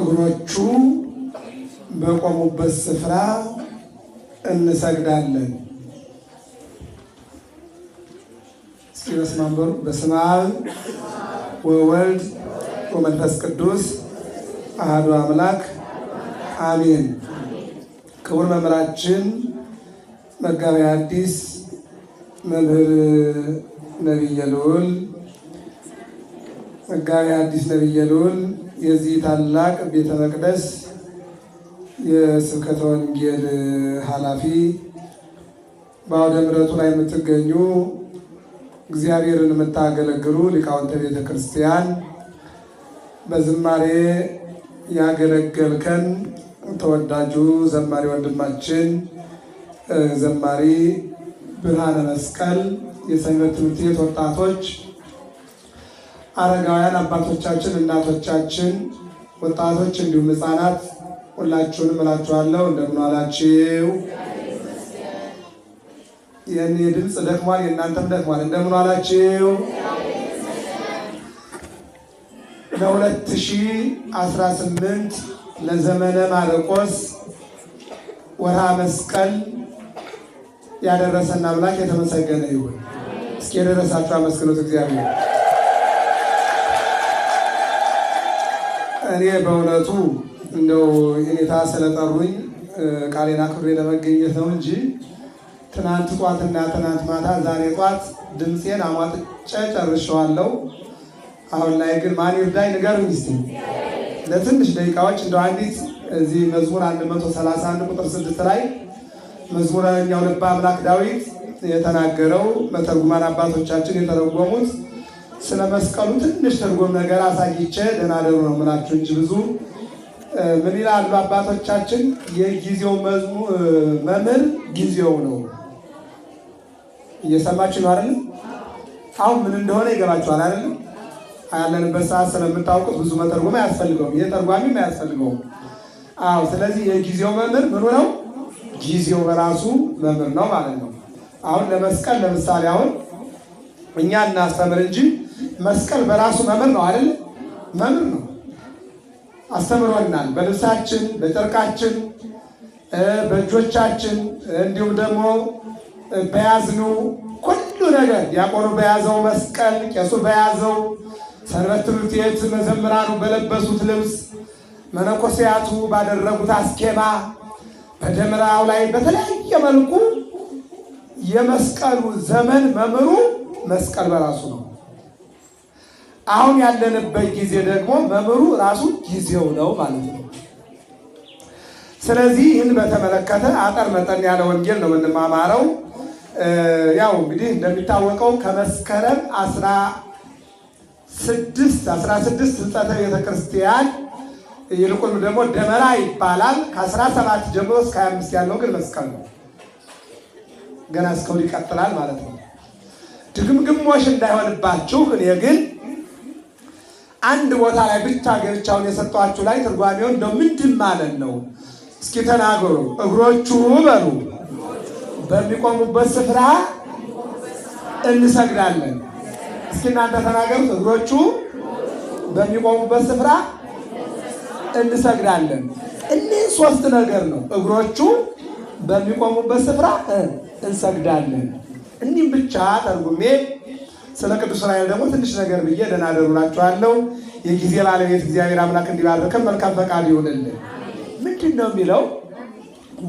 እግሮቹ በቆሙበት ስፍራ እንሰግዳለን። እስኪ በስመ አብ በስመ አብ ወወልድ ወመንፈስ ቅዱስ አሐዱ አምላክ አሜን። ክቡር መምህራችን መጋቤ ሐዲስ መምህር ነቢየ ልዑል መጋቤ ሐዲስ ነቢየ ልዑል የዚህ ታላቅ ቤተ መቅደስ የስብከተ ወንጌል ኃላፊ በአውደ ምረቱ ላይ የምትገኙ እግዚአብሔርን የምታገለግሉ ሊቃውንተ ቤተ ክርስቲያን በዝማሬ ያገለገልከን ተወዳጁ ዘማሪ ወንድማችን ዘማሪ ብርሃነ መስቀል የሰንበት ትምህርት ቤት ወጣቶች አረጋውያን አባቶቻችን፣ እናቶቻችን፣ ወጣቶች እንዲሁም ሕፃናት ሁላችሁንም እላችኋለሁ እንደምን አላችሁ? ድምፅ ደክሟል፣ የእናንተም ደክሟል። እንደምን አላችሁ? ለሁለት ሺህ አስራ ስምንት ለዘመነ ማርቆስ ወርሃ መስቀል ያደረሰና አምላክ የተመሰገነ ይሁን። እስኪ የደረሳችሁ አመስግኖት እግዚአብሔር እኔ በእውነቱ እንደው ሁኔታ ስለጠሩኝ ቃሌን አክብሬ ለመገኘት ነው እንጂ ትናንት ጧት እና ትናንት ማታ ዛሬ ጧት ድምፄን አሟጥጬ ጨርሼዋለሁ። አሁን ላይ ግን ማን ይርዳኝ ንገሩኝ እስኪ ለትንሽ ደቂቃዎች እንደ አንዲት እዚህ መዝሙር 131 ቁጥር 6 ላይ መዝሙረኛው ልበ አምላክ ዳዊት የተናገረው መተርጉማን አባቶቻችን የተረጎሙት ስለ መስቀሉ ትንሽ ትርጉም ነገር አሳይቼ ደህና ደሩ ነው የምላችሁ እንጂ ብዙ ምን ይላሉ አባቶቻችን፣ የጊዜው መምህር ጊዜው ነው። እየሰማችሁ ነው አይደለም? አሁን ምን እንደሆነ ይገባችኋል አይደለም? ያለንበት ሰዓት ስለምታውቁት ብዙ መተርጎም አያስፈልገውም፣ የተርጓሚም አያስፈልገውም። አዎ፣ ስለዚህ የጊዜው መምህር ምኑ ነው? ጊዜው በራሱ መምህር ነው ማለት ነው። አሁን ለመስቀል ለምሳሌ አሁን እኛ እናስተምር እንጂ መስቀል በራሱ መምር ነው አይደል? መምር ነው፣ አስተምሮናል። በልብሳችን፣ በጨርቃችን፣ በእጆቻችን እንዲሁም ደግሞ በያዝኑ ሁሉ ነገር ዲያቆኑ በያዘው መስቀል፣ ቄሱ በያዘው ሰንበት ትምህርት ቤት መዘምራኑ በለበሱት ልብስ፣ መነኮሲያቱ ባደረጉት አስኬማ፣ በደመራው ላይ በተለያየ መልኩ የመስቀሉ ዘመን መምሩ መስቀል በራሱ ነው። አሁን ያለንበት ጊዜ ደግሞ መምህሩ ራሱ ጊዜው ነው ማለት ነው። ስለዚህ ይህን በተመለከተ አጠር መጠን ያለ ወንጌል ነው የምንማማረው። ያው እንግዲህ እንደሚታወቀው ከመስከረም አስራ ስድስት አስራ ስድስት ህንጸተ ቤተክርስቲያን ይልቁን ደግሞ ደመራ ይባላል። ከአስራ ሰባት ጀምሮ እስከ ሀያ አምስት ያለው ግን መስቀል ነው። ገና እስከሁድ ይቀጥላል ማለት ነው። ድግምግሞሽ እንዳይሆንባችሁ እኔ ግን አንድ ቦታ ላይ ብቻ ገብቻውን የሰጧችሁ ላይ ትርጓሜውን እንደው ምንድን ማለት ነው? እስኪ ተናገሩ። እግሮቹ በሉ በሚቆሙበት ስፍራ እንሰግዳለን። እስኪ እናንተ ተናገሩት። እግሮቹ በሚቆሙበት ስፍራ እንሰግዳለን። እኔ ሶስት ነገር ነው። እግሮቹ በሚቆሙበት ስፍራ እንሰግዳለን። እኒህም ብቻ ተርጉሜ ስለ ቅዱስ ዑራኤል ደግሞ ትንሽ ነገር ብዬ ደህና ደሩ እላችኋለሁ። የጊዜ ባለቤት እግዚአብሔር አምላክ እንዲባርከን መልካም ፈቃድ ይሆንልን። ምንድን ነው የሚለው?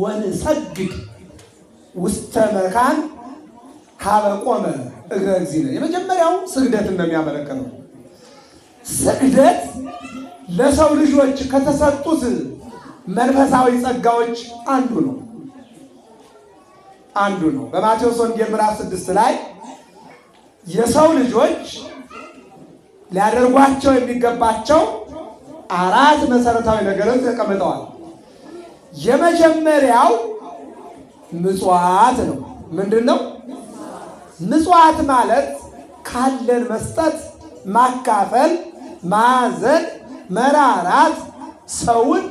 ወንሰግድ ውስተ መካን ሀበ ቆመ እግረ እግዚእነ። የመጀመሪያው ስግደትን ነው የሚያመለክተው። ስግደት ለሰው ልጆች ከተሰጡት መንፈሳዊ ጸጋዎች አንዱ ነው አንዱ ነው። በማቴዎስ ወንጌል ምዕራፍ ስድስት ላይ የሰው ልጆች ሊያደርጓቸው የሚገባቸው አራት መሰረታዊ ነገሮች ተቀምጠዋል። የመጀመሪያው ምጽዋት ነው። ምንድን ነው ምጽዋት ማለት? ካለን መስጠት፣ ማካፈል፣ ማዘን፣ መራራት፣ ሰውን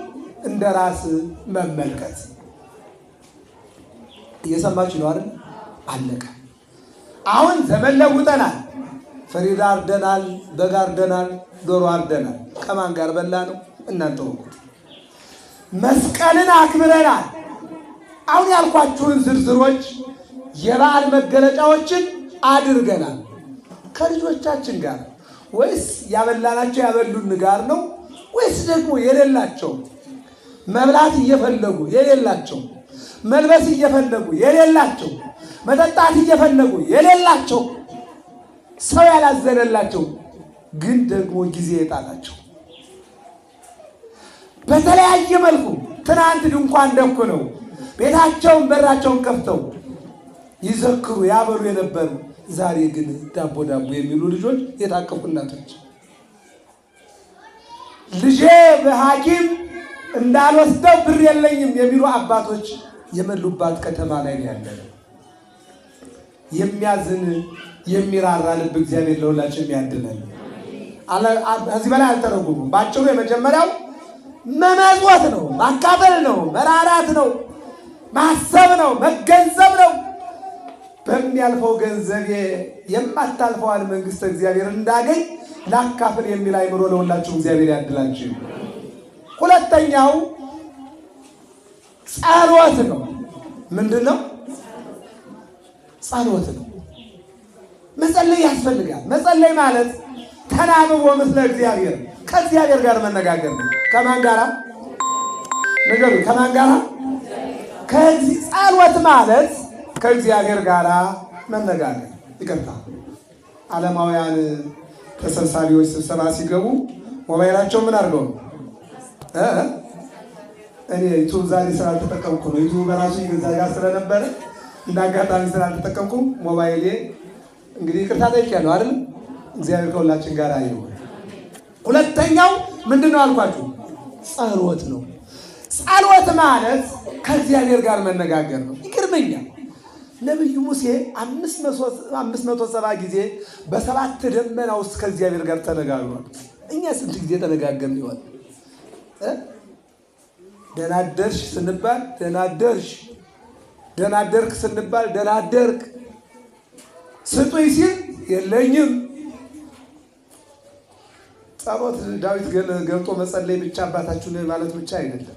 እንደ ራስ መመልከት። እየሰማችሁ ነው አይደል? አለቀ። አሁን ዘመን ለውጠናል። ፈሪዳ አርደናል፣ በግ አርደናል፣ ዶሮ አርደናል። ከማን ጋር በላ ነው? እናንተ ወቁት። መስቀልን አክብረናል። አሁን ያልኳችሁን ዝርዝሮች የበዓል መገለጫዎችን አድርገናል። ከልጆቻችን ጋር ወይስ ያበላናቸው ያበሉን ጋር ነው ወይስ ደግሞ የሌላቸው መብላት እየፈለጉ የሌላቸው መልበስ እየፈለጉ የሌላቸው መጠጣት እየፈለጉ የሌላቸው ሰው ያላዘነላቸው ግን ደግሞ ጊዜ የጣላቸው በተለያየ መልኩ ትናንት ድንኳን ደኩ ነው ቤታቸውን በራቸውን ከፍተው ይዘክሩ ያበሩ የነበሩ ዛሬ ግን ዳቦ ዳቦ የሚሉ ልጆች የታቀፉ እናቶች ልጄ በሐኪም እንዳልወስደው ብር የለኝም የሚሉ አባቶች የመሉባት ከተማ ላይ ያለነው የሚያዝን የሚራራ ልብ እግዚአብሔር ለሁላችን የሚያድለን። ከዚህ በላይ አልተረጉሙም። በአጭሩ የመጀመሪያው መመዝወት ነው፣ ማካፈል ነው፣ መራራት ነው፣ ማሰብ ነው፣ መገንዘብ ነው። በሚያልፈው ገንዘብ የማታልፈዋን መንግስት እግዚአብሔር እንዳገኝ ላካፍል የሚል አይምሮ ለሁላችሁ እግዚአብሔር ያድላችሁ። ሁለተኛው ጸሎት ነው። ምንድን ነው? ጸሎት ነው። መጸለይ ያስፈልጋል። መጸለይ ማለት ተናብቦ ምስለ እግዚአብሔር ከእግዚአብሔር ጋር መነጋገር ነው። ከማን ጋር ነገሩ? ከማን ጋር? ከዚህ ጸሎት ማለት ከእግዚአብሔር ጋር መነጋገር። ይቅርታ፣ ዓለማውያን ተሰብሳቢዎች ስብሰባ ሲገቡ ሞባይላቸው ምን አድርገው ነው? እኔ ዩቱብ ዛሬ ስላልተጠቀምኩ ነው። ዩቱብ በራሱ ይገዛ ጋር ስለነበረ እንደ አጋጣሚ ስላልተጠቀምኩም ሞባይሌ እንግዲህ ቅርታ ጠይቄያለሁ አይደል? እግዚአብሔር ከሁላችን ጋር ይሁን። ሁለተኛው ምንድን ነው አልኳችሁ? ጸሎት ነው። ጸሎት ማለት ከእግዚአብሔር ጋር መነጋገር ነው። ይገርመኛል። ነቢዩ ሙሴ አምስት መቶ ሰባ ጊዜ በሰባት ደመና ውስጥ ከእግዚአብሔር ጋር ተነጋግሯል። እኛ ስንት ጊዜ ተነጋገር ይሆን? ደህና አደርሽ ስንባል ደህና ደህና አደርክ ስንባል ደህና አደርክ፣ ስጡኝ ሲል የለኝም። ጸሎት ዳዊት ገልጦ መጸለይ ብቻ አባታችሁ ማለት ብቻ አይደለም።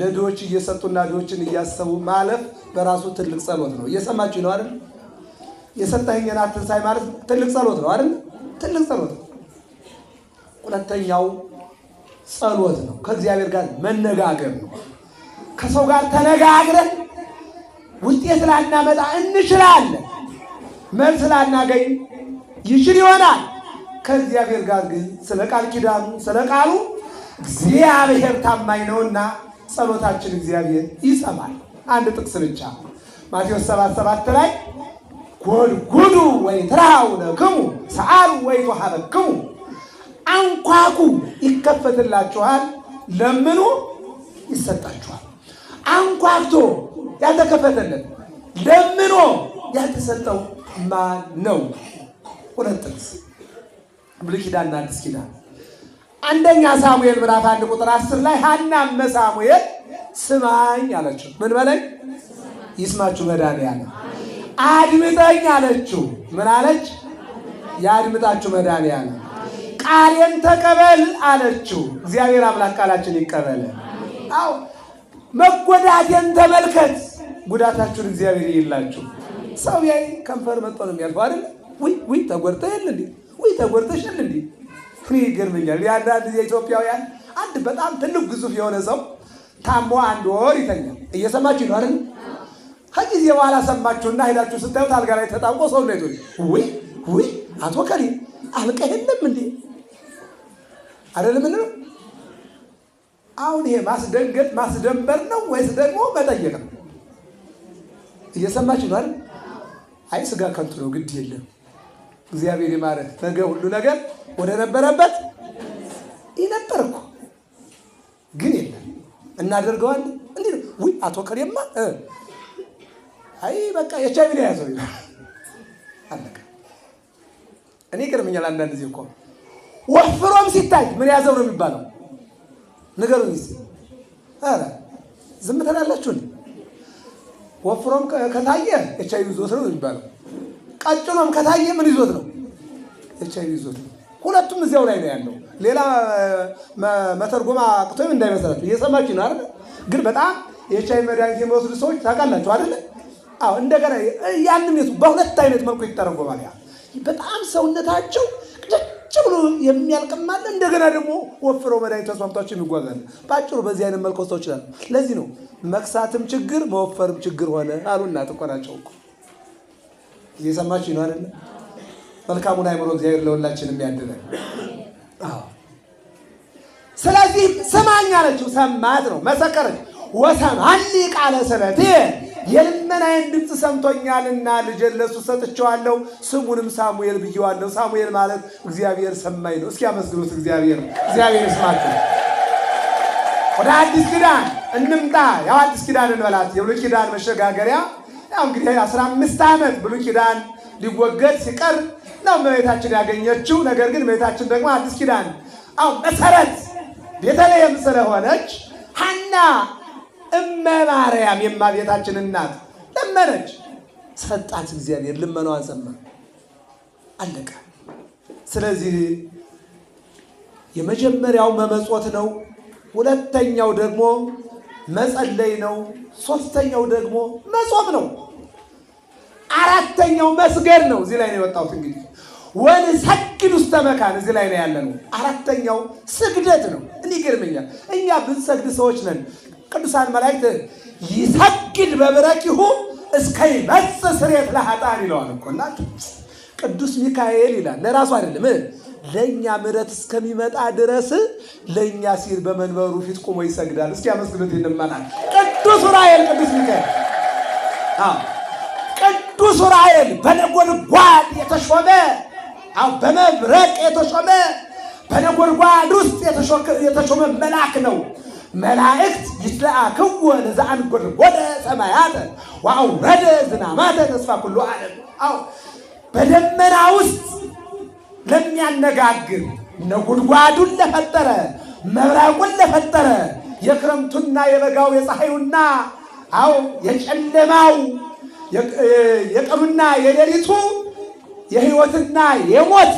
ለድሆች እየሰጡና ድሆችን እያሰቡ ማለፍ በራሱ ትልቅ ጸሎት ነው። እየሰማችሁ ነው አይደል? የሰጠኸኝን አትንሳይ ማለት ትልቅ ጸሎት ነው አይደል? ትልቅ ጸሎት ነው። ሁለተኛው ጸሎት ነው፣ ከእግዚአብሔር ጋር መነጋገር ነው። ከሰው ጋር ተነጋግረን ውጤት ላናመጣ እንችላለን። መልስ ላናገኝ ይችል ይሆናል። ከእግዚአብሔር ጋር ግን ስለ ቃል ኪዳኑ ስለ ቃሉ እግዚአብሔር ታማኝ ነውና ጸሎታችን እግዚአብሔር ይሰማል። አንድ ጥቅስ ብቻ ማቴዎስ 7 7 ላይ ጎድጉዱ ወይትረኃውለክሙ ሰአሉ ወይትወሀበክሙ፣ አንኳኩ ይከፈትላችኋል፣ ለምኑ ይሰጣችኋል። አንኳርቶ ያልተከፈተለት ለምኖ ያልተሰጠው ማን ነው? ሁለት ጥቅስ ብሉይ ኪዳንና አዲስ ኪዳን። አንደኛ ሳሙኤል ምዕራፍ አንድ ቁጥር አስር ላይ ሐናም ሳሙኤል ስማኝ አለችው። ምን በለኝ? ይስማችሁ መድኃኒዓለም። አድምጠኝ አለችው። ምን አለች? የአድምጣችሁ መድኃኒዓለም። ቃሌን ተቀበል አለችው። እግዚአብሔር አምላክ ቃላችን ይቀበል። አዎ መጎዳጀን ተመልከት፣ ጉዳታችሁን እግዚአብሔር ይላችሁ። ሰው ያይ ከንፈር መጥቶ ነው የሚያልፈው አይደል? ውይ ውይ ተጎድተ የል እንዲ ውይ ተጎድተሽ የለ እንዲ ፍሪ ይገርመኛል። የአንዳንድ የኢትዮጵያውያን አንድ በጣም ትልቅ ግዙፍ የሆነ ሰው ታሞ አንድ ወር ይተኛል። እየሰማችሁ ነው አይደል? ከጊዜ በኋላ ሰማችሁና ሄዳችሁ ስታዩት አልጋ ላይ ተጣብቆ ሰው ነው ይቶል። ውይ ውይ አቶ ከሪ አልቀ የለም እንዴ? አይደለም እንዴ? አሁን ይሄ ማስደንገጥ ማስደንበር ነው ወይስ ደግሞ መጠየቅ ነው? እየሰማችሁ ነው አይ ስጋ ከንቱ ነው፣ ግድ የለም እግዚአብሔር ይማረ ነገ ሁሉ ነገር ወደ ነበረበት ይነበር እኮ ግን የለም እናደርገዋል እንዲ ው አቶ ከሬማ አይ በቃ የቻይ ላይ ያዘው አለቀ። እኔ ይገርመኛል አንዳንድ ጊዜ እኮ ወፍሮም ሲታይ ምን ያዘው ነው የሚባለው ንገሩኝ እስኪ። ኧረ ዝም ትላላችሁ? ወፍሮም ከታየ ኤች አይቪ ይዞት ነው የሚባለው። ቀጭኖም ከታየ ምን ይዞት ነው? ኤች አይቪ ይዞት ነው። ሁለቱም እዚያው ላይ ነው ያለው። ሌላ መተርጎማ አቅቶም እንዳይመስላችሁ እየሰማችሁ ነው አይደል? ግን በጣም ኤች አይቪ መድኃኒት የሚወስዱ ሰዎች ታውቃላችሁ አይደል? አዎ እንደገና ያንም የቱ በሁለት አይነት መልኩ ይተረጎማል። ያ በጣም ሰውነታቸው ብሎ የሚያልቅማል። እንደገና ደግሞ ወፍሮ መድኃኒት ተስማምቷቸው የሚጓዛል። በአጭሩ በዚህ አይነት መልክ ወስደው ይችላል። ለዚህ ነው መክሳትም ችግር መወፈርም ችግር ሆነ አሉና ጥቆናቸው እኮ እየሰማችሁ ነው መልካሙን አይምሮ እግዚአብሔር ለሁላችንም ያድለን። ስለዚህ ስማኝ አለችው። ሰማት ነው መሰከረች። ወሰማኒ ቃለ ስለት የልመናዬን ድምፅ ሰምቶኛልና ልጄን ለእሱ ሰጥቼዋለሁ፣ ስሙንም ሳሙኤል ብዬዋለሁ። ሳሙኤል ማለት እግዚአብሔር ሰማኝ ነው። እስኪ ያመስግኑት እግዚአብሔር። እግዚአብሔር ይስማችሁ። ወደ አዲስ ኪዳን እንምጣ። ያው አዲስ ኪዳን እንበላት የብሉይ ኪዳን መሸጋገሪያ። ያው እንግዲህ አስራ አምስት ዓመት ብሉይ ኪዳን ሊወገድ ሲቀር ነው እመቤታችን ያገኘችው። ነገር ግን እመቤታችን ደግሞ አዲስ ኪዳን አው መሰረት ቤተልሔም ስለሆነች ሐና እመማርያም የማቤታችን እናት ለመነች፣ ሰጣት እግዚአብሔር። ልመናዋን ሰማ፣ አለቀ። ስለዚህ የመጀመሪያው መመጾት ነው። ሁለተኛው ደግሞ መጸለይ ነው። ሶስተኛው ደግሞ መጾም ነው። አራተኛው መስገድ ነው። እዚህ ላይ ነው የወጣሁት። እንግዲህ ወን ሰግድ ውስተ መካን እዚህ ላይ ነው ያለነው። አራተኛው ስግደት ነው። እኔ ይገርመኛል። እኛ ብንሰግድ ሰዎች ነን። ቅዱሳን መላእክት ይሰግድ በብረኪሁ እስከ ይመጽ ስርየት ለኃጥአን ይለዋል እኮ እናንተ ቅዱስ ሚካኤል ይላል። ለራሱ አይደለም ለእኛ ምረት እስከሚመጣ ድረስ ለእኛ ሲል በመንበሩ ፊት ቆሞ ይሰግዳል። እስኪ አመስግኑት ይንመናል። ቅዱስ ዑራኤል፣ ቅዱስ ሚካኤል፣ ቅዱስ ዑራኤል በነጎድጓድ የተሾመ በመብረቅ የተሾመ በነጎድጓድ ውስጥ የተሾመ መልአክ ነው። መላእክት ይትለአክዎ ለዘአንጐድጐደ ሰማያተ ወአውረደ ዝናማተ ተስፋ ኩሉ ዓለም። አዎ በደመና ውስጥ ለሚያነጋግር ነጎድጓዱን ለፈጠረ መብራቁን ለፈጠረ የክረምቱና የበጋው የፀሐዩና አዎ የጨለማው የቀኑና የሌሊቱ የህይወትና የሞት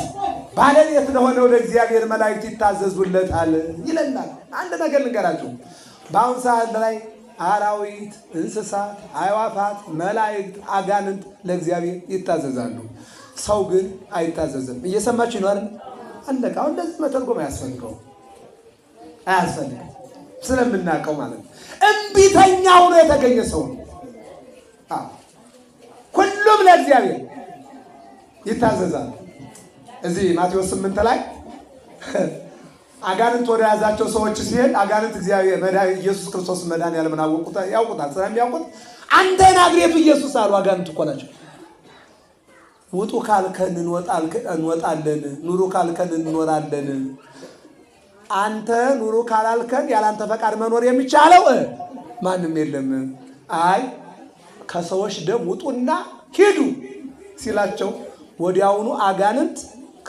ባለቤት ለሆነ ወደ እግዚአብሔር መላእክት ይታዘዙለታል ይለናል። አንድ ነገር ልንገራችሁ። በአሁን ሰዓት ላይ አራዊት፣ እንስሳት፣ አይዋፋት፣ መላእክት፣ አጋንንት ለእግዚአብሔር ይታዘዛሉ። ሰው ግን አይታዘዝም። እየሰማችሁ ይኖር አለቃ። አሁን እንደዚህ መተርጎም አያስፈልገው አያስፈልግም፣ ስለምናውቀው ማለት ነው። እምቢተኛ ሆኖ የተገኘ ሰው ነው። ሁሉም ለእግዚአብሔር ይታዘዛል። እዚህ ማቴዎስ ስምንት ላይ አጋንንት ወደ ያዛቸው ሰዎች ሲሄድ አጋንንት እግዚአብሔር መድኃኒት ኢየሱስ ክርስቶስ መድኃኒዓለምን አወቁት ያውቁታል። ስለሚያውቁት አንተ ናዝሬቱ ኢየሱስ አሉ። አጋንንት እኮ ናቸው። ውጡ ካልከን እንወጣለን፣ ኑሩ ካልከን እንኖራለን። አንተ ኑሩ ካላልከን ያላንተ ፈቃድ መኖር የሚቻለው ማንም የለም። አይ ከሰዎች ደም ውጡና ሂዱ ሲላቸው ወዲያውኑ አጋንንት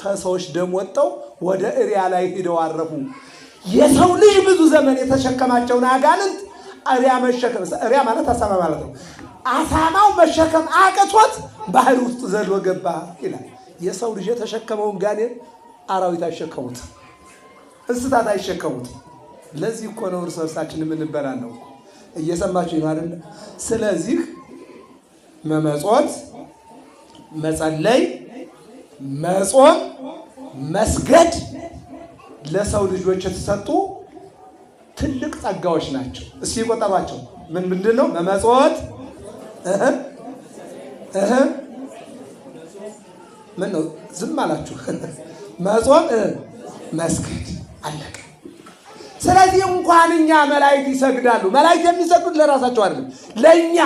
ከሰዎች ደም ወጥተው ወደ እሪያ ላይ ሂደው አረፉ። የሰው ልጅ ብዙ ዘመን የተሸከማቸውን አጋንንት እሪያ መሸከም እሪያ ማለት አሳማ ማለት ነው። አሳማው መሸከም አቅቶት ባህር ውስጥ ዘሎ ገባ ይላል። የሰው ልጅ የተሸከመውን ጋኔን አራዊት አይሸከሙት፣ እንስሳት አይሸከሙት። ለዚህ እኮ ነው እርስ በርሳችን የምንበላ ነው። እየሰማችሁ ይማር። ስለዚህ መመጾት መጸለይ መጾም፣ መስገድ ለሰው ልጆች የተሰጡ ትልቅ ጸጋዎች ናቸው። እስኪ ቆጠሯቸው። ምን ምንድን ነው? መመጽወት ምን ነው? ዝም አላችሁ። መጾም፣ መስገድ አለቀ። ስለዚህ እንኳን እኛ መላእክት ይሰግዳሉ። መላእክት የሚሰግዱት ለራሳቸው አይደለም፣ ለእኛ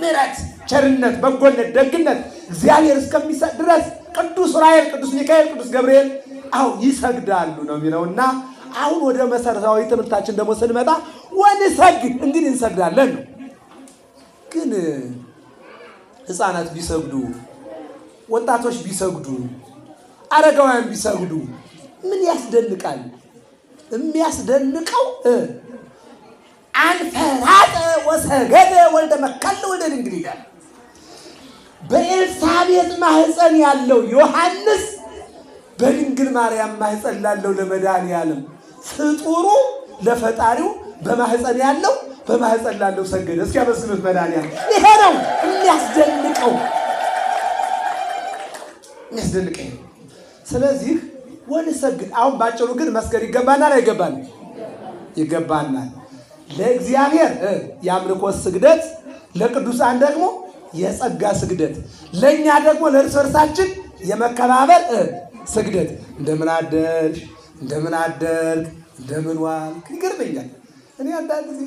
ምሕረት፣ ቸርነት፣ በጎነት፣ ደግነት እግዚአብሔር እስከሚሰጥ ድረስ ቅዱስ ራኤል፣ ቅዱስ ሚካኤል፣ ቅዱስ ገብርኤል አው ይሰግዳሉ ነው የሚለውና አሁን ወደ መሰረታዊ ትምህርታችን ደግሞ ስንመጣ ወንሰግድ እንግዲህ እንሰግዳለን ነው። ግን ህፃናት ቢሰግዱ፣ ወጣቶች ቢሰግዱ፣ አረጋውያን ቢሰግዱ ምን ያስደንቃል? የሚያስደንቀው አንፈራጠ ወሰገደ ወልደ መከለ ወልደ ድንግል ይላል። በኤልሳቤጥ ማህፀን ያለው ዮሐንስ በድንግል ማርያም ማህፀን ላለው ለመድኃኒዓለም ፍጡሩ ለፈጣሪው በማህፀን ያለው በማህፀን ላለው ሰገደ። እስኪ ያመስግኑት መድኃኒዓለም። ይሄ ነው የሚያስደንቀው የሚያስደንቀ። ስለዚህ ወንሰግድ አሁን ባጭሩ ግን መስገድ ይገባናል አይገባል? ይገባናል። ለእግዚአብሔር የአምልኮ ስግደት፣ ለቅዱሳን ደግሞ የጸጋ ስግደት ለእኛ ደግሞ ለእርስ በርሳችን የመከባበር ስግደት እንደምን አደርሽ፣ እንደምን አደርግ፣ እንደምን ዋልክ። ይገርመኛል። እኔ አንዳንድ ጊዜ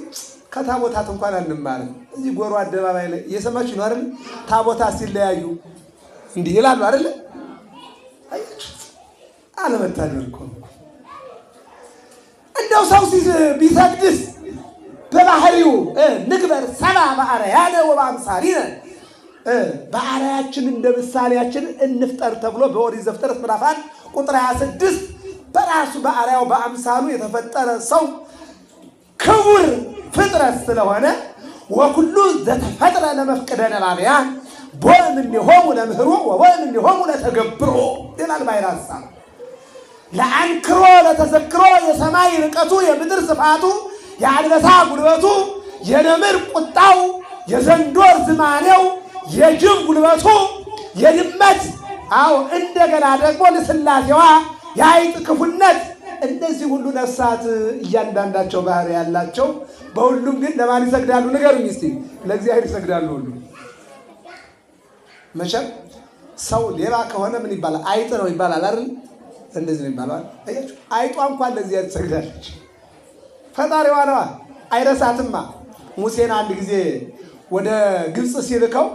ከታቦታት እንኳን አንማርም። እዚህ ጎሮ አደባባይ ላይ እየሰማችሁ ነው አይደል? ታቦታት ሲለያዩ እንዲህ ይላሉ አይደለ? አለመታደል እኮ እንደው ሰው ቢሰግድስ በባህሪው ንግበር ሰባ በአርአያነ ወበአምሳሊነ በአርአያችን እንደ ምሳሌያችን እንፍጠር ተብሎ በኦሪት ዘፍጥረት ምዕራፍ አንድ ቁጥር 26 በራሱ በአርአያው በአምሳሉ የተፈጠረ ሰው ክቡር ፍጥረት ስለሆነ ወኩሉ ዘተፈጥረ ለመፍቅደ ነባቢያ ቦም እንዲሆሙ ለምህሩ ወቦም እንዲሆሙ ለተገብሮ ይላል ባይር ሀሳብ ለአንክሮ ለተዘክሮ የሰማይ ርቀቱ የምድር ስፋቱ የአንበሳ ጉልበቱ የነምር ቁጣው የዘንዶር ዝማኔው የጅብ ጉልበቱ የድመት አዎ እንደገና ደግሞ ልስላሴዋ የአይጥ ክፉነት እነዚህ ሁሉ ነፍሳት እያንዳንዳቸው ባህሪ ያላቸው በሁሉም ግን ለማን ይሰግዳሉ? ንገሩኝ እስቲ። ለእግዚአብሔር ይሰግዳሉ ሁሉ። መቼም ሰው ሌባ ከሆነ ምን ይባላል? አይጥ ነው ይባላል አይደል? እንደዚህ ነው ይባላል። አይጧ እንኳን ለእግዚአብሔር ትሰግዳለች። ፈጣሪዋ ነዋ፣ አይረሳትማ። ሙሴን አንድ ጊዜ ወደ ግብፅ ሲልከው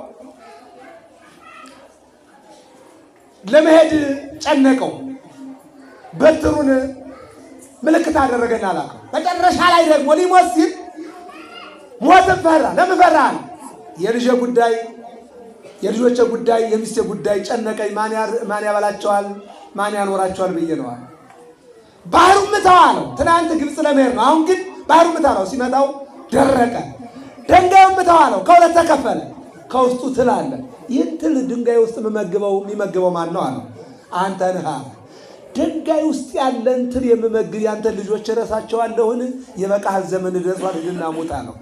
ለመሄድ ጨነቀው። በትሩን ምልክት አደረገና ላከው። መጨረሻ ላይ ደግሞ ሊሞት ሲል ሞት ፈራ። ለምን ፈራ? የልጄ ጉዳይ፣ የልጆቼ ጉዳይ፣ የሚስቴ ጉዳይ ጨነቀኝ። ማን ያበላቸዋል፣ ማን ያኖራቸዋል ብዬ ነዋል። ባህሩ ምታው አለው። ትናንት ግብፅ ለመሄድ ነው። አሁን ግን ባህሩ ምታ ነው። ሲመጣው ደረቀ። ደንጋዩ ምታው አለው። ከሁለት ተከፈለ። ከውስጡ ትል አለ ይህን ትል ድንጋይ ውስጥ የምመግበው የሚመግበው ማን ነው አለ። አንተ ነህ አለ። ድንጋይ ውስጥ ያለን ትል የምመግብ ያንተ ልጆች እረሳቸዋለሁን? የበቃህ ዘመን ደርሷል፣ ሂድና ሙት አለው።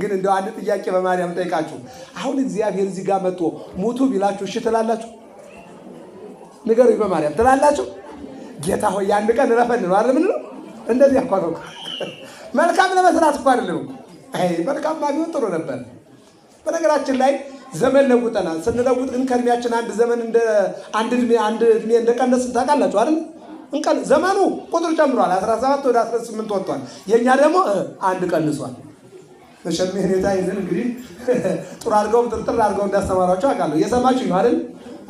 ግን እንደው አንድ ጥያቄ በማርያም ጠይቃችሁ፣ አሁን እግዚአብሔር እዚህ ጋር መጥቶ ሙቱ ቢላችሁ እሺ ትላላችሁ? ንገሩኝ፣ በማርያም ትላላችሁ? ጌታ ሆይ አንድ ቀን ረፈን ነው አይደል? ምንድን ነው እንደዚህ አኳ ነው መልካም ለመስራት እኮ አይደለም። መልካም ማግኘት ጥሩ ነበር። በነገራችን ላይ ዘመን ለውጠናል። ስንለውጥ ግን ከእድሜያችን አንድ ዘመን እንደ አንድ እድሜ አንድ እድሜ እንደቀነስን ታውቃላችሁ አይደል? እንቀን ዘመኑ ቁጥር ጨምሯል። 17 ወደ 18 ወጥቷል። የእኛ ደግሞ አንድ ቀንሷል። መሸሜ ሁኔታ ይዝን እንግዲህ ጥሩ አድርገው ጥርጥር አድርገው እንዳስተማሯቸው አውቃለሁ። እየሰማችሁ ነው አይደል?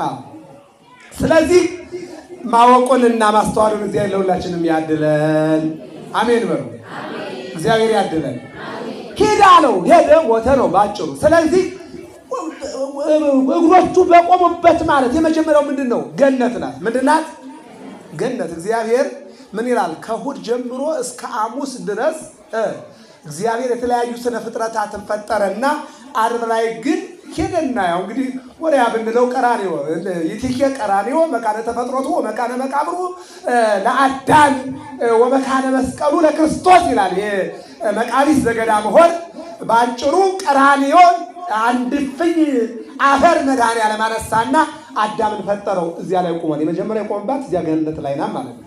አዎ። ስለዚህ ማወቁንና ማስተዋሉን እግዚአብሔር ለሁላችንም ያድለን። አሜን በሩ እግዚአብሔር ያድለን። ሄዳ አለው። ሄደ፣ ወተ ነው ባጭሩ። ስለዚህ እግሮቹ በቆሙበት ማለት የመጀመሪያው ምንድን ነው? ገነት ናት። ምንድን ናት? ገነት። እግዚአብሔር ምን ይላል? ከእሑድ ጀምሮ እስከ ሐሙስ ድረስ እግዚአብሔር የተለያዩ ስነ ፍጥረታትን ፈጠረና ዓርብ ላይ ግን ሄደና ያው እንግዲህ ወዲያ ብንለው ቀራኒዎ ይትኬ ቀራኒዎ መካነ ተፈጥሮቱ ወመካነ መቃብሩ ለአዳም ወመካነ መስቀሉ ለክርስቶስ ይላል። መቃቢስ ዘገዳ መሆን በአጭሩ ቀራኒዮን አንድ ፍኝ አፈር መድኃኒዓለም አነሳና አዳምን ፈጠረው። እዚያ ላይ ቆመን የመጀመሪያ የቆመባት እዚያ ገነት ላይ ናት ማለት ነው።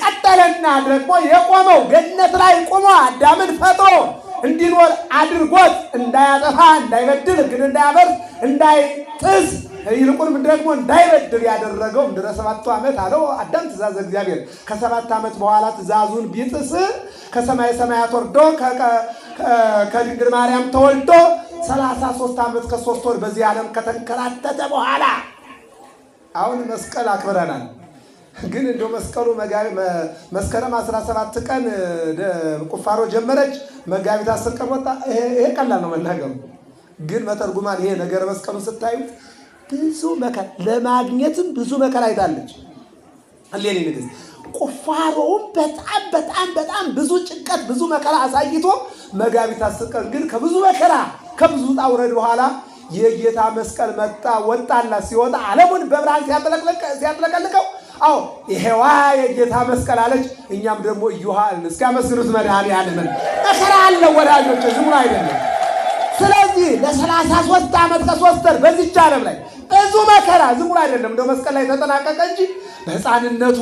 ቀጠለና ደግሞ የቆመው ገነት ላይ ቆሞ አዳምን ፈጥሮ እንዲኖር አድርጎት እንዳያጠፋ፣ እንዳይበድል፣ ግን እንዳያበርስ፣ እንዳይጥስ ይልቁንም ደግሞ እንዳይበድል ያደረገው እንደ ሰባቱ ዓመት አለው አዳም ትእዛዝ እግዚአብሔር ከሰባት ዓመት በኋላ ትእዛዙን ቢጥስ ከሰማይ ሰማያት ወርዶ ከድንግል ማርያም ተወልዶ ሰላሳ ሶስት ዓመት ከሶስት ወር በዚህ ዓለም ከተንከራተተ በኋላ አሁን መስቀል አክብረናል። ግን እንደ መስቀሉ መስከረም 17 ቀን ቁፋሮ ጀመረች፣ መጋቢት አስር ቀን ወጣ። ይሄ ቀላል ነው መናገሩ፣ ግን መተርጉማን ይሄ ነገር መስቀሉ ስታዩት ብዙ መከራ ለማግኘትም ብዙ መከራ አይታለች እሌኒ ንግስት። ቁፋሮውም በጣም በጣም በጣም ብዙ ጭንቀት ብዙ መከራ አሳይቶ መጋቢት አስር ቀን ግን ከብዙ መከራ ከብዙ ውጣ ውረድ በኋላ የጌታ መስቀል መጣ ወጣላት። ሲወጣ ዓለሙን በብርሃን ሲያጥለቀልቀው፣ አዎ ይሄዋ የጌታ መስቀል አለች። እኛም ደግሞ እዩሃል እስኪያመስሉት መድኃኔዓለምን መከራ አለው ወዳጆች፣ ዝሙን አይደለም ስለዚህ ለሰላሳ ሶስት ዓመት ከሶስት ወር በዚች ዓለም ላይ ብዙ መከራ ዝሙር አይደለም እንደ መስቀል ላይ ተጠናቀቀ እንጂ በህፃንነቱ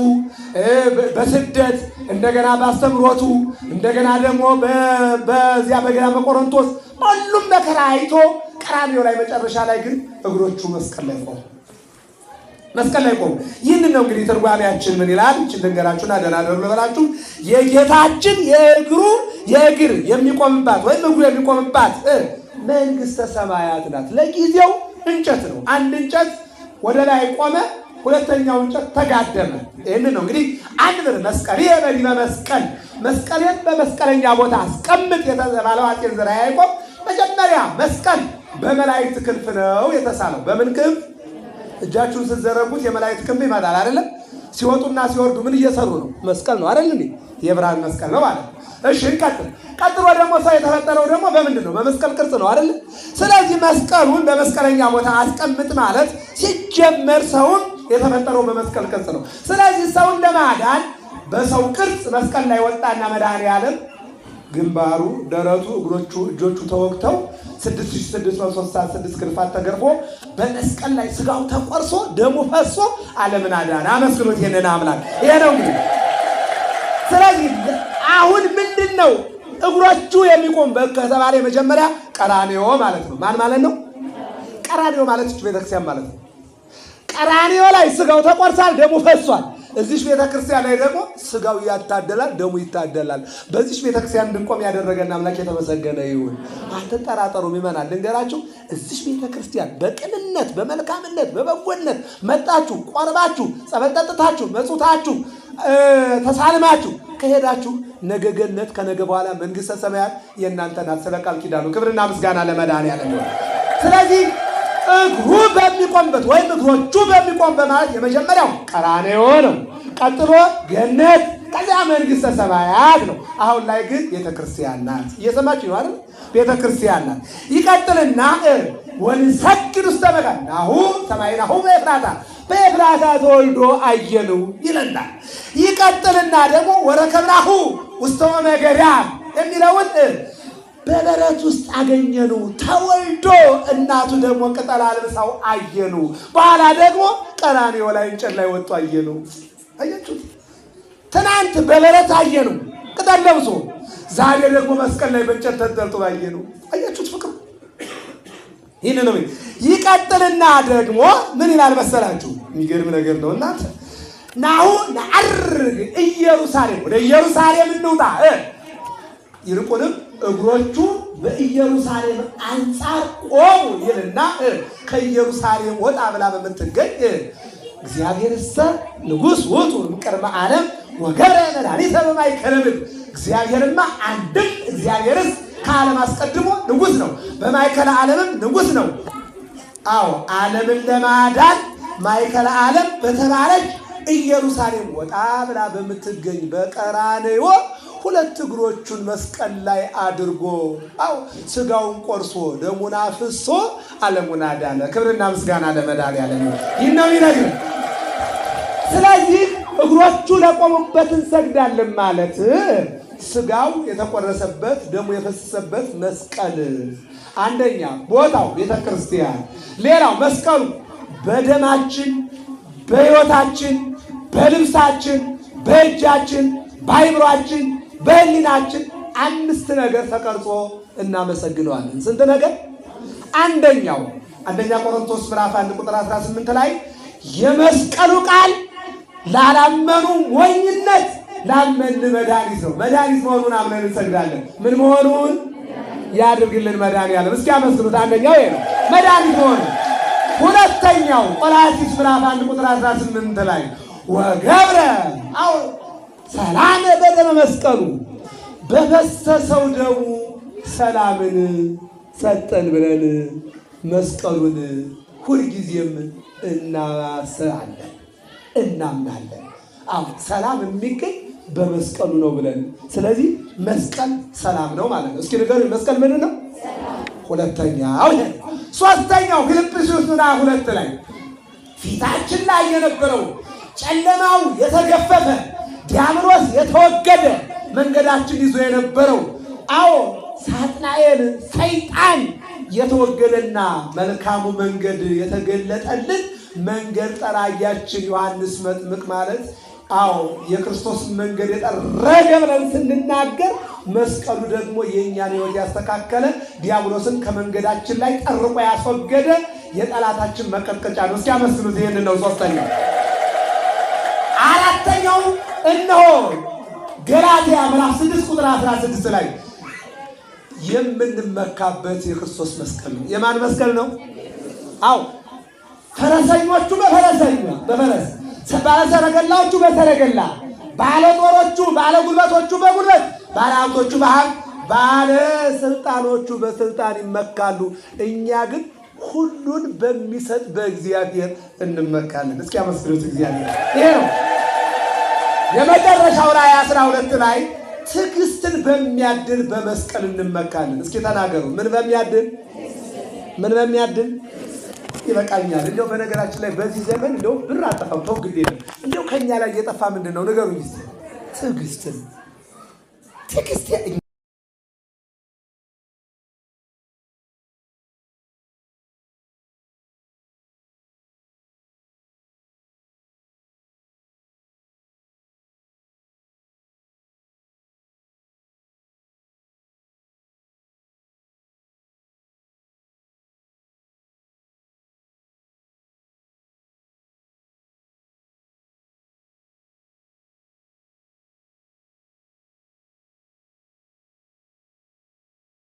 በስደት እንደገና በአስተምሮቱ እንደገና ደግሞ በዚያ በገና በቆሮንቶስ ሁሉም መከራ አይቶ ቀራንዮ ላይ መጨረሻ ላይ ግን እግሮቹ መስቀል ላይ ቆሙ። መስቀል ላይ ቆሙ። ይህን ነው እንግዲህ ትርጓሜያችን ምን ይላል? እችን ልንገራችሁና ደህና ደሩ ልበላችሁ። የጌታችን የእግሩ የእግር የሚቆምባት ወይም እግሩ የሚቆምባት መንግስተ ሰማያት ናት። ለጊዜው እንጨት ነው። አንድ እንጨት ወደ ላይ ቆመ፣ ሁለተኛው እንጨት ተጋደመ። ይህን ነው እንግዲህ አንድ ብር መስቀል ይሄ በመስቀል መስቀልን በመስቀለኛ ቦታ አስቀምጥ የተባለው አጤን ዘርዓ ያዕቆብ መጀመሪያ መስቀል በመላእክት ክንፍ ነው የተሳለው። በምን ክንፍ? እጃችሁን ስትዘረጉት የመላእክት ክንፍ ይመጣል አይደለም? ሲወጡና ሲወርዱ ምን እየሰሩ ነው? መስቀል ነው አይደል? የብርሃን መስቀል ነው ማለት ነው። እሺ ይቀጥል። ቀጥሎ ደግሞ ሰው የተፈጠረው ደግሞ በምንድን ነው? በመስቀል ቅርጽ ነው አይደል? ስለዚህ መስቀሉን በመስቀለኛ ቦታ አስቀምጥ ማለት ሲጀመር ሰውን የተፈጠረው በመስቀል ቅርጽ ነው። ስለዚህ ሰውን ለማዳን በሰው ቅርጽ መስቀል ላይ ወጣና መድኃኔዓለም ግንባሩ፣ ደረቱ፣ እግሮቹ፣ እጆቹ ተወግተው 6636 ግርፋት ተገርፎ በመስቀል ላይ ስጋው ተቆርሶ ደሙ ፈሶ ዓለምን አዳነ። አመስግኖት ይሄንን አምላክ። ይሄ ነው እንግዲህ ስለዚህ አሁን ምንድን ነው እግሮቹ የሚቆም ከተባለ የመጀመሪያ ቀራኔዮ ማለት ነው። ማን ማለት ነው? ቀራኔዮ ማለት እች ቤተክርስቲያን ማለት ነው። ቀራኔዮ ላይ ስጋው ተቆርሳል፣ ደሙ ፈሷል። እዚች ቤተክርስቲያን ላይ ደግሞ ስጋው ያታደላል፣ ደሙ ይታደላል። በዚሽ ቤተክርስቲያን እንድንቆም ያደረገና አምላክ የተመሰገነ ይሁን። አትጠራጠሩ ይመናል። ልንገራችሁ፣ እዚሽ ቤተክርስቲያን በቅንነት በመልካምነት በበጎነት መጣችሁ፣ ቆርባችሁ፣ ጸበል ጠጥታችሁ፣ መጽውታችሁ፣ ተሳልማችሁ ከሄዳችሁ ነገ ገነት ከነገ በኋላ መንግስተ ሰማያት የእናንተ ናት። ስለ ቃል ኪዳኑ ክብርና ምስጋና ለመድኃኒዓለም። ስለዚህ እግሩ በሚቆምበት ወይም እግሮቹ በሚቆም በማለት የመጀመሪያው ቀራንዮ ነው። ቀጥሎ ገነት፣ ከዚያ መንግስተ ሰማያት ነው። አሁን ላይ ግን ቤተክርስቲያን ናት። እየሰማችሁ ነው አይደል? ቤተክርስቲያን ናት። ይቀጥልና ወንሰግድ ውስተ መካናሁ ሰማይናሁ በኤፍራታ በኤፍራታ ተወልዶ አየነው ይለናል። ይቀጥልና ደግሞ ወረከብናሁ ውስተ መገዳም የሚለውን በበረት ውስጥ አገኘኑ። ተወልዶ እናቱ ደግሞ ቅጠል አልብሳው አየኑ። በኋላ ደግሞ ቀራንዮ ላይ እንጨት ላይ ወጡ አየኑ። አያችሁት? ትናንት በበረት አየኑ ቅጠል ለብሶ፣ ዛሬ ደግሞ መስቀል ላይ በእንጨት ተንጠልጥሎ አየኑ። አያችሁት? ፍቅር ይህን ነው። ይቀጥልና ደግሞ ምን ይላል መሰላችሁ? የሚገርም ነገር ነው እናንተ ናሁ ነዐርግ ኢየሩሳሌም ወደ ኢየሩሳሌም እንውጣ። ይልቁንም እግሮቹ በኢየሩሳሌም አንጻር ቆሙ ይልና ከኢየሩሳሌም ወጣ ብላ በምትገኝ እግዚአብሔር እሰ ንጉሥ ውጡ እምቅድመ ዓለም ወገረ መድኃኒተ በማእከለ እግዚአብሔርማ አንድም እግዚአብሔርስ ከዓለም አስቀድሞ ንጉሥ ነው፣ በማእከለ ዓለምም ንጉሥ ነው። አዎ ዓለምን ለማዳን ማእከለ ዓለም በተባለች ኢየሩሳሌም ወጣ ብላ በምትገኝ በቀራንዮ ሁለት እግሮቹን መስቀል ላይ አድርጎ አው ስጋውን ቆርሶ ደሙን አፍሶ ዓለሙን አዳነ። ክብርና ምስጋና ለመድኃኒዓለም። ይህ ነው ይነግረን። ስለዚህ እግሮቹ ለቆሙበት እንሰግዳለን ማለት ስጋው የተቆረሰበት ደሙ የፈሰሰበት መስቀል አንደኛ ቦታው ቤተ ክርስቲያን፣ ሌላው መስቀሉ በደማችን በሕይወታችን በልብሳችን፣ በእጃችን፣ በአይምሯችን፣ በህሊናችን አምስት ነገር ተቀርጾ እናመሰግነዋለን። ስንት ነገር? አንደኛው አንደኛ ቆሮንቶስ ምዕራፍ 1 ቁጥር 18 ላይ የመስቀሉ ቃል ላላመኑ ሞኝነት ላመን መድኃኒት ነው። መድኃኒት መሆኑን አምነን እንሰግዳለን። ምን መሆኑን ያድርግልን መድኃኒዓለም። እስኪ አመስግኑት። አንደኛው ይሄ ነው፣ መድኃኒት መሆኑ። ሁለተኛው ቆላሲስ ምዕራፍ 1 ቁጥር 18 ላይ ወገብረ አው ሰላም በደመ መስቀሉ በፈሰሰው ደሙ ሰላምን ሰጠን ብለን መስቀሉን ሁልጊዜም እናስባለን እናምናለን። አዎ ሰላም የሚገኝ በመስቀሉ ነው ብለን ስለዚህ መስቀል ሰላም ነው ማለት ነው። እስኪ ንገር መስቀል ምን ነው? ሁለተኛው ይሄ ሶስተኛው፣ ፊልጵስዩስ ምዕራፍ ሁለት ላይ ፊታችን ላይ የነበረው ጨለማው የተገፈፈ ዲያብሎስ የተወገደ መንገዳችን ይዞ የነበረው አዎ ሳጥናኤል ሰይጣን የተወገደና መልካሙ መንገድ የተገለጠልን መንገድ ጠራጊያችን ዮሐንስ መጥምቅ ማለት አዎ የክርስቶስን መንገድ የጠረገ ብለን ስንናገር መስቀሉ ደግሞ የእኛን ሕይወት ያስተካከለ ዲያብሎስን ከመንገዳችን ላይ ጠርቆ ያስወገደ የጠላታችን መቀጥቀጫ ነው። እስኪ አመስግኑት ይህንን ነው ሶስተኛው ሁለተኛው እነሆ ገላትያ ምዕራፍ ስድስት ቁጥር አስራ ስድስት ላይ የምንመካበት የክርስቶስ መስቀል ነው። የማን መስቀል ነው? አው ፈረሰኞቹ በፈረሰኛ በፈረስ ባለሰረገላዎቹ በሰረገላ ባለጦሮቹ ባለጉልበቶቹ በጉልበት ባለሀብቶቹ በሀብት ባለስልጣኖቹ በስልጣን ይመካሉ። እኛ ግን ሁሉን በሚሰጥ በእግዚአብሔር እንመካለን። እስኪ አመስግኑት እግዚአብሔር ይሄ ነው። የመጨረሻው ላይ 12 ላይ ትዕግስትን በሚያድል በመስቀል እንመካለን። እስኪ ተናገሩ። ምን በሚያድል ምን በሚያድል ይበቃኛል። እንደው በነገራችን ላይ በዚህ ዘመን እንደው ብር አጠፋም ተው ግዴ ነው። እንደው ከኛ ላይ እየጠፋ ምንድን ነው ነገሩ? ጊዜ ትዕግስትን ትዕግስት